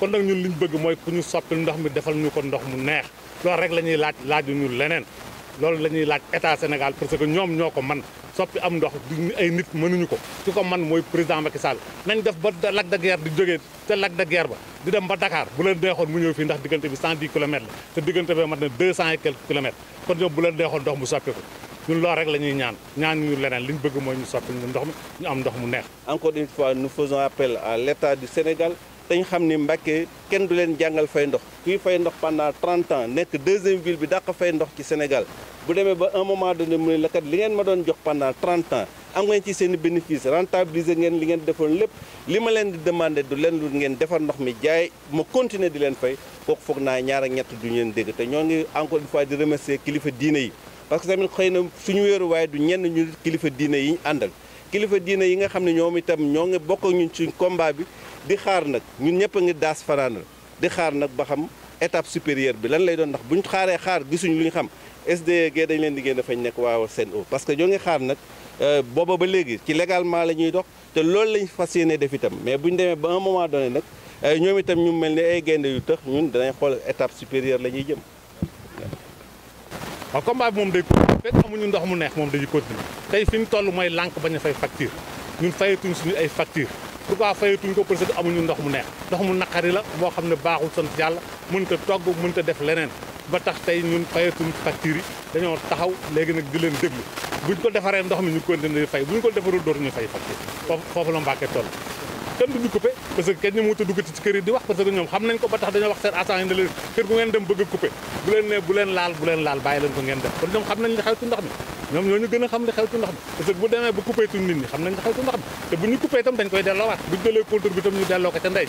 kon nag ñun li ñu bëgg mooy ku ñu soppil ndox mi defal ñu ko ndox mu neex loolu rek la ñuy laaj laajuñu leneen loolu la ñuy laaj état Sénégal parce que ñoom ñoo ko man soppi am ndox du ay nit mënuñu ko ki man mooy président Macky Sall nañ def ba Lac de Guiers di te Lac de dem ba Dakar bu leen deexoon mu ñëw fii ndax diggante bi 110 kilomètres la te et quelques kilomètres kon ñoom bu leen deexoon ndox la ñuy ñaan ñaan ñu leneen li ñu bëgg mooy ñu soppi ñu ndox mi ñu am ndox mu neex encore une fois nous faisons appel à l'état du Sénégal dañ xam ni Mbacké kenn du leen jàngal fay ndox kuy fay ndox pendant 30 nekk deuxième ville bi dàq fay ndox ci Sénégal bu demee ba un moment donné mu ne la kat li ngeen ma doon jox pendant 30 am ngeen ci seen i bénéfice rentabiliser ngeen li ngeen defoon lépp li ma leen di demander du leen lu ngeen defar ndox mi jaay ma continuer di leen fay kooku foog naa ñaar ak ñett duñu leen dégg te ñoo ngi encore une fois di remercier kilifa diine yi parce que tamit xëy na suñu wéeruwaay du ñenn ñu kilifa diine yi àndal kilifa diine yi nga xam ne ñoom itam ñoo ngi bokk ñun ci combat bi di xaar nag ñun ñëpp a ngi daas fanaanal di xaar nag ba xam étape supérieure bi lan lay doon ndax bu ñu xaaree xaar gisuñu lu ñu xam SDG dañ leen di génn fañ nekk waaw Sen'Eau parce que ñoo ngi xaar nag euh, booba ba léegi ci légalement la ñuy dox te loolu lañ fas yéene def itam mais bu ñu demee ba un moment donné nag euh, ñoom itam ñu mel ni ay gaynde yu tëx ñun danañ xool étape supérieure la ñuy jëm. waaw combat bi moom day continuer fekk amuñu ndox mu neex moom dañuy continuer tey fi ñu toll mooy lànk bañ a fay facture ñun fayatuñ suñu ay facture pourquoi fayatuñ ko parce que amuñu ndox mu neex ndox mu naqari la boo xam ne baaxul sant yàlla mën a togg mënut a def leneen ba tax tey ñun fayatuñ facture yi dañoo taxaw léegi nag di leen déglu ñu ko defaree ndox mi ñu continuer fay bu ñu ko defarul dootuñu fay facture foofu la Mbàkke toll kenn du ñu coupé parce que kenn ñoom wut duggati ci kër yi di wax parce que ñoom xam nañ ko ba tax dañoo wax seen agent yi ne leen kër gu ngeen dem bëgg a bu leen ne bu leen laal bu leen laal bàyyi leen ko ngeen def kon ñoom xam nañ li xew ci ndox mi ñoom ñoo ñu gën a xam li xew ci ndox mi parce que bu demee ba coupé tuñ nit ñi xam nañ li xew ci ndox mi te bu ñu coupé itam dañ koy delloowaat bu jëlee culture bi itam ñu delloo ko ca ndey